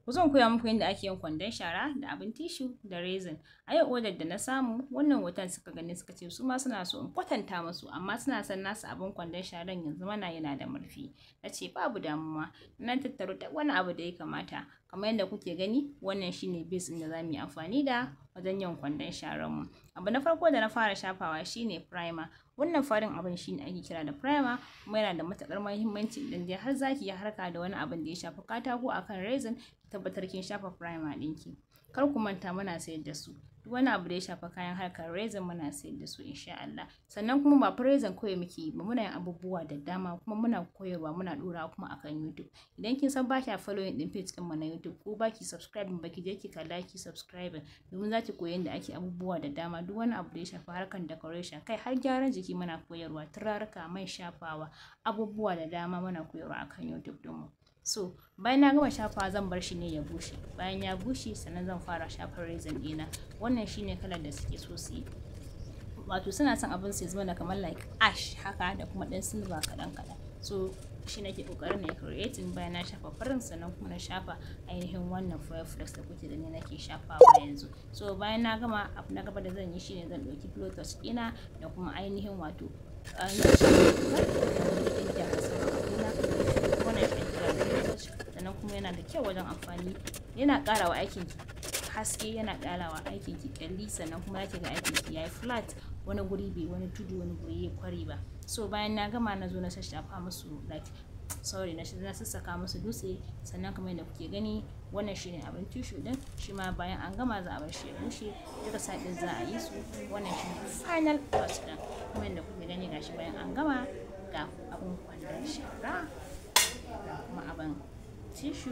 Ku zan koya muku yadda ake yin kwandon shara da abin tishu da rezin A yau odar da na samu wannan hoton suka gani suka ce su ma suna so in kwatanta musu amma suna son nasu abin kwandon sharan yanzu mana yana da murfi. Na ce babu damuwa na tattaro duk wani abu da ya kamata kamar yadda kuke gani wannan shine base ɗin da za mu yi amfani da wajen yin kwandon sharan mu abu na farko da na fara shafawa shine primer wannan farin abin shine ake kira da primer kuma yana da matukar muhimmanci idan dai har zaki yi harka da wani abin da ya shafi katako akan resin tabbatar kin shafa primer ɗinki kar ku manta muna sayar da su wani abu da ya shafa kayan harkar rezan muna sayar da su insha Allah sannan kuma ba rezan kawai muke yi ba muna yin abubuwa da dama kuma muna koyarwa muna dora kuma akan YouTube idan kin san ba ki following din page din mu na YouTube ko ba ki subscribe ba ki je ki kalla ki subscribe domin za ki koyi yadda ake abubuwa da dama duk wani abu da ya shafa harkar decoration kai har gyaran jiki muna koyarwa turaruka mai shafawa abubuwa da dama muna koyarwa akan YouTube din so bayan na gama shafawa zan bar shi ne ya bushe bayan ya bushe sannan zan fara shafar raisin ɗina wannan shine kalar da suke so su yi wato suna son abin su zama da kamar like ash haka da kuma ɗan silva kaɗan kaɗan so shi nake ƙoƙarin na creating bayan na shafa farin sannan kuma na shafa ainihin wannan foil flakes da kuke gani nake shafawa yanzu so bayan na gama abu na gaba da zan yi shine zan ɗauki bloters ɗina da kuma ainihin wato uh, yana da kyau wajen amfani yana wa aikin haske yana wa aikin ki ƙyalli sannan kuma zaki ga aikin ki yayi flat wani guri bai wani tudu wani guri ya kwari ba so bayan na gama na zo na shashafa musu like sorry na na sassaka musu dutse sannan kamar yadda kuke gani wannan shine abin tushu din shi ma bayan an gama za a bar shi ya bushe duka sadin za a yi su wannan shine final cut din kuma yadda kuke gani gashi bayan an gama ga tissue.